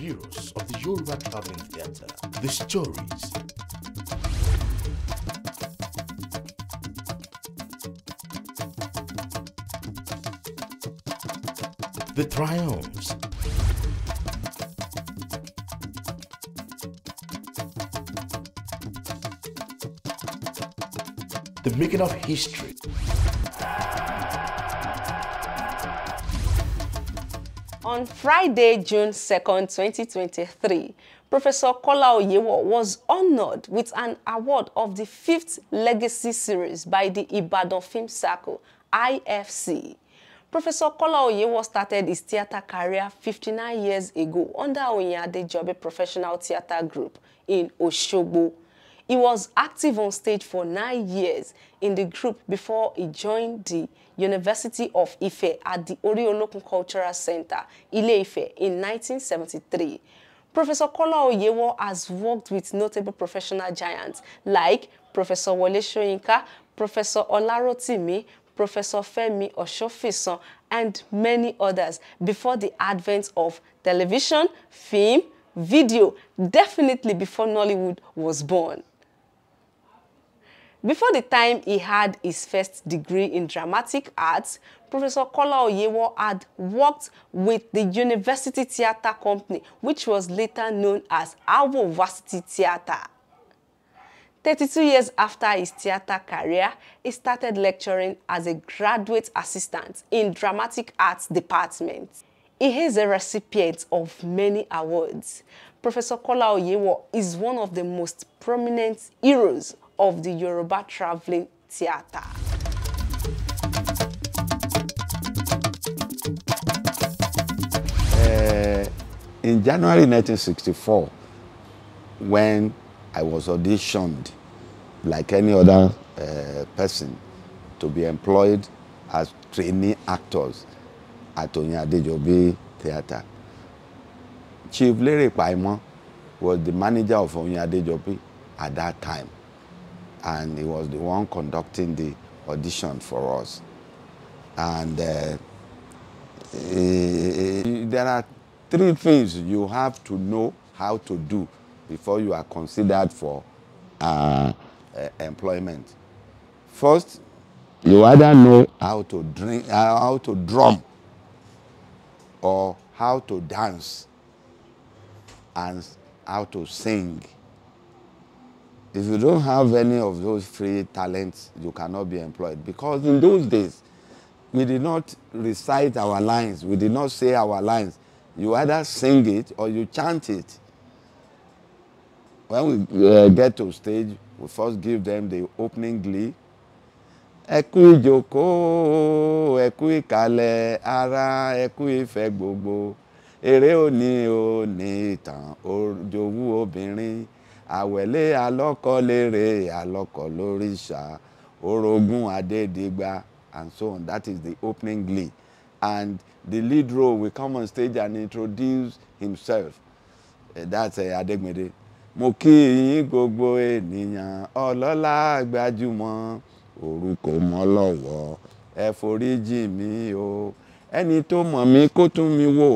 heroes of the Yoruba Traveling Theatre. The stories. The triumphs. The making of history. On Friday, June 2nd, 2023, Professor Kola Oyewo was honored with an award of the Fifth Legacy Series by the Ibadan Film Circle, IFC. Professor Kola Oyewo started his theatre career 59 years ago under Oyin Jobe Professional Theatre Group in Oshogbo, He was active on stage for nine years in the group before he joined the University of Ife at the Oriolokun Cultural Center, Ile-Ife, in 1973. Professor Kola Oyewo has worked with notable professional giants like Professor Wole Soyinka, Professor Olarotimi, Professor Femi Oshofisan, and many others before the advent of television, film, video, definitely before Nollywood was born. Before the time he had his first degree in dramatic arts, Professor Kola Oyewo had worked with the University Theatre Company, which was later known as Awo Varsity Theatre. 32 years after his theatre career, he started lecturing as a graduate assistant in dramatic arts department. He is a recipient of many awards. Professor Kola Oyewo is one of the most prominent heroes of the Yoruba Traveling theater. Eh, in January 1964, when I was auditioned like any other uh, person to be employed as trainee actors at Oyin Adejobi Theatre. Chief Lere Paimon was the manager of Oyin at that time and he was the one conducting the audition for us. And uh, there are three things you have to know how to do before you are considered for uh, uh, employment. First, you either know how to drink, how to drum, or how to dance, and how to sing. If you don't have any of those free talents, you cannot be employed. Because in those days, we did not recite our lines. We did not say our lines. You either sing it or you chant it. When we uh, get to stage, we first give them the opening glee. Ẹ kú ìjókòó, ẹ ara, ẹ kú gbogbo. Eré òní ò ìtàn, òjòwú obìnrin àwẹ̀lé alọ́kọ̀lérè alọ́kọ̀lórìṣà orogún adédigba and so on that is the opening glee and the lead role will come on stage and introduce himself eh, that's uh, Adégbèdé mo kí yín gbogbo ènìyàn ọlọ́lá gbajúmọ̀ orúkọ mọ́ lọ́wọ́ ẹ foríjì mi o ẹni tó mọ̀ mí kó tún mi wò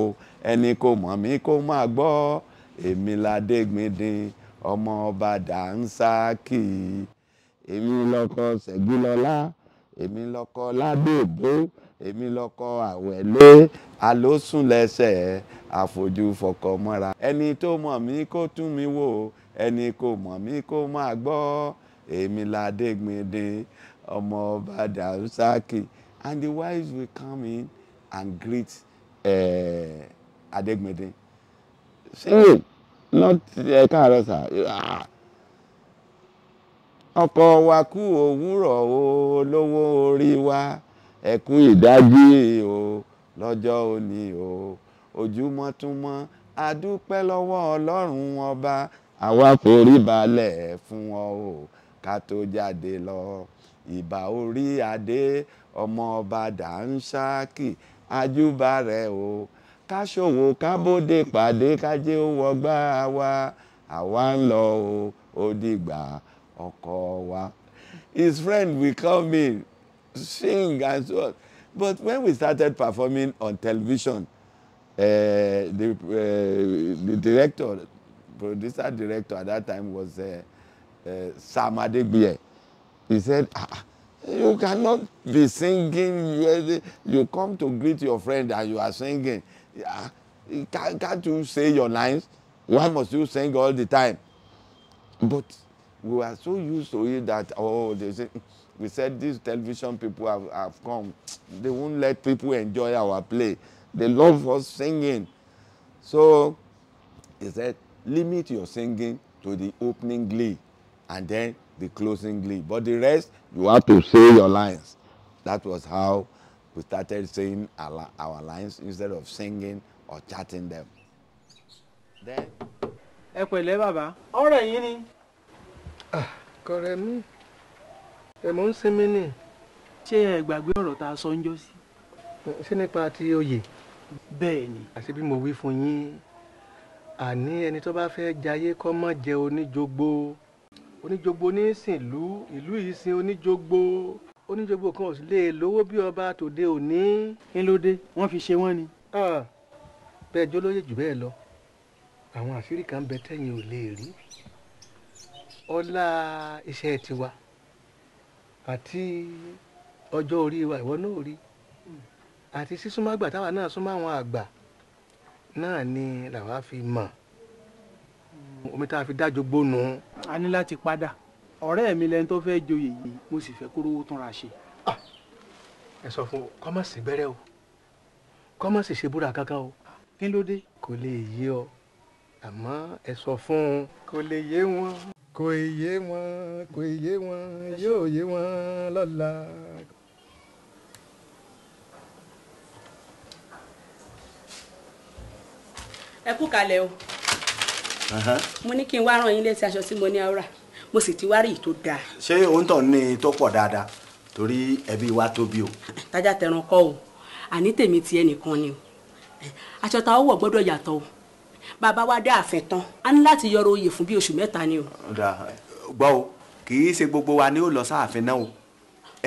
ẹni kò mọ̀ mí kó máa gbọ́ èmi l'Adégbèdé ọmọ ọba dànsákì èmi lọkọ ṣẹ̀gúnlọ́lá èmi lọkọ ládèbó èmi lọkọ àwẹ̀lé alósùnlẹsẹ̀ àfojú fọkọmọ́ra ẹni tó mọ̀ mí kó tún mi wò ẹni kò mọ̀ mí kó máa gbọ́ èmi ládégbèdè ọmọ ọba dànsákì and the wives will come in and greet uh, eh, Adegbede. Sing it. Hmm not ẹ káàárọ̀ sà ọkọ̀ wa kú òwúrọ̀ o olówó orí wa ẹ̀kú ìdájí o lọ́jọ́ òní o ojúmọ́ tún mọ́ adúpẹ́ lọ́wọ́ ọlọ́run ọba àwa forí balẹ̀ fún ọ o ká tó jáde lọ ìbà orí adé ọmọ ọba dà ń ṣáàkì ajúbà rẹ o ká ṣòwò ká bóde pàdé kájé ó wọgbà wa àwa ń lọ o ọkọ wa his friend will come in sing and so on but when we started performing on television uh, the, uh, the director producer director at that time was uh, uh, Sam Adegbiye he said ah, ah you cannot be singing you come to greet your friend and you are singing Yeah. Can't, can't you say your lines? Why must you sing all the time? But we were so used to it that, oh, they say, we said these television people have, have come. They won't let people enjoy our play. They love us singing. So he said, limit your singing to the opening glee and then the closing glee. But the rest, you have to say your lines. That was how we started saying our, lines instead of singing or chatting them. Then. ẹ pẹ̀lẹ́ bàbá ọ̀rọ̀ yín ni. Ah, kọ̀rẹ́ mi ẹ̀mọ́ ń sinmi ni. ṣé ẹ gbàgbé ọ̀rọ̀ tá a sọ ń jọ sí. ṣé nípa ti oyè. bẹ́ẹ̀ ni. àṣé bí mo wí fún yín àní ẹni tó bá fẹ́ jayé kó má jẹ oníjogbo oníjogbo ní sìn ìlú ìlú yìí sin oníjogbo oníjogbo kan ò sì lè lówó bí ọba tòde òní. kí ló dé wọ́n fi ṣe wọ́n ni. bẹ́ẹ̀ jólóyè jù bẹ́ẹ̀ lọ àwọn àṣírí kan bẹ tẹ́yìn ò lè rí ọlá iṣẹ́ tiwa àti ọjọ́ orí wa ìwọ náà rí àti sísúnmọ́ àgbà táwa náà súnmọ́ àwọn àgbà náà ni làwa fi mọ̀ omi tá a fi dájọ́ gbónú. a ní láti padà ọ̀rẹ́ mi lẹni tó fẹ́ joyè yìí mo sì fẹ́ kóró túnra ṣe. Ah, ẹ sọ fún kọ́mọ̀sì gbẹ́rẹ́ o kọ́mọ̀sì ṣe búra kankan o. kí ló dé. kò lè yé ọ àmọ́ ẹ sọ fún un. kò lè yé wọn. kò yé wọn kò yé wọn yóò yé wọn lọ́la. ẹ kú kalẹ̀ o mo ní kí n wá rán yín létí aṣọ tí mo ní àwòrán mo sì ti wá rí ìtò dáa. ṣé òǹtọ̀ ní tó pọ̀ dáadáa torí ẹbí wa tóbi o. tájà tẹran kọ o àní tèmi ti ẹnìkan ni o aṣọ tá a wọ̀ gbọ́dọ̀ yàtọ̀ o bàbá wa dá àfẹ́ tán a ní láti yọrọ oyè fún bí oṣù mẹ́ta ni o. gbọ́ o kì í ṣe gbogbo wa ni ó lọ sáàfin náà o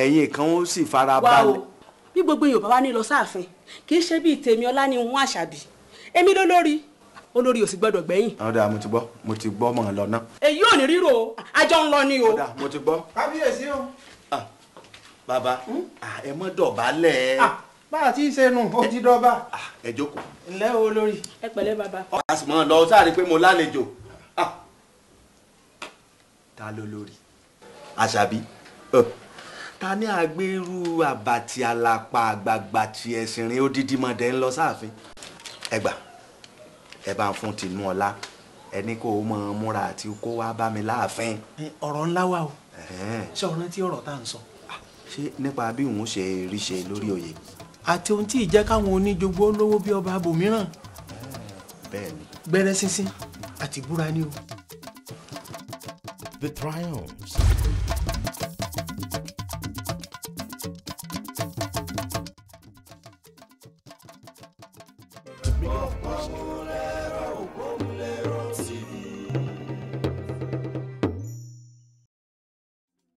ẹ̀yin kan ó sì fara balẹ̀. o bí gbogbo yorùbá wa ní lọ sáàfin kì í ṣe bíi tèmi ọlá ni wọn àṣàbí èmi ló lórí olórí ò sì gbọ́dọ̀ gbẹ̀yìn. ọ̀dà mo ti gbọ́ mo ti gbọ́ mọ̀ lọ ná. èyí ò ní ríro àjọ ń lọ ni o. ọ̀dà mo ti gbọ́. kábíyèsí o. Ah, bàbá hmm? ẹ mọ́ dọ̀bálẹ̀. Ah, bá a ti ṣe nu o ti dọ́ba. Ah, ẹ jókòó. ǹlẹ́ o olórí. ẹ pẹ̀lẹ́ bàbá. ọ̀gá sì mọ̀ lọ sáré pé mo lálejò. ta ló lórí. àṣàbí ta ní agbèrú àbàtì àlàpà àgbàgbà tí ẹ̀sìn rìn odidi mọ̀dẹ́ ń lọ sáàfin. ẹgbàá ẹ bá fún tinú ọlá ẹni kó o mọ múra àti kó wá bá mi láàfin. ọ̀rọ̀ ńlá wà o ṣé ọ̀rọ̀ tí ọ̀rọ̀ tá à ń sọ. ṣé nípa bí òun ṣe rí ṣe lórí oyè. àti ohun tí ìjẹ́ káwọn oníjogbo lówó bí ọba abòmíràn. gbẹrẹ sísìn àti búra ni o. The Triumphs.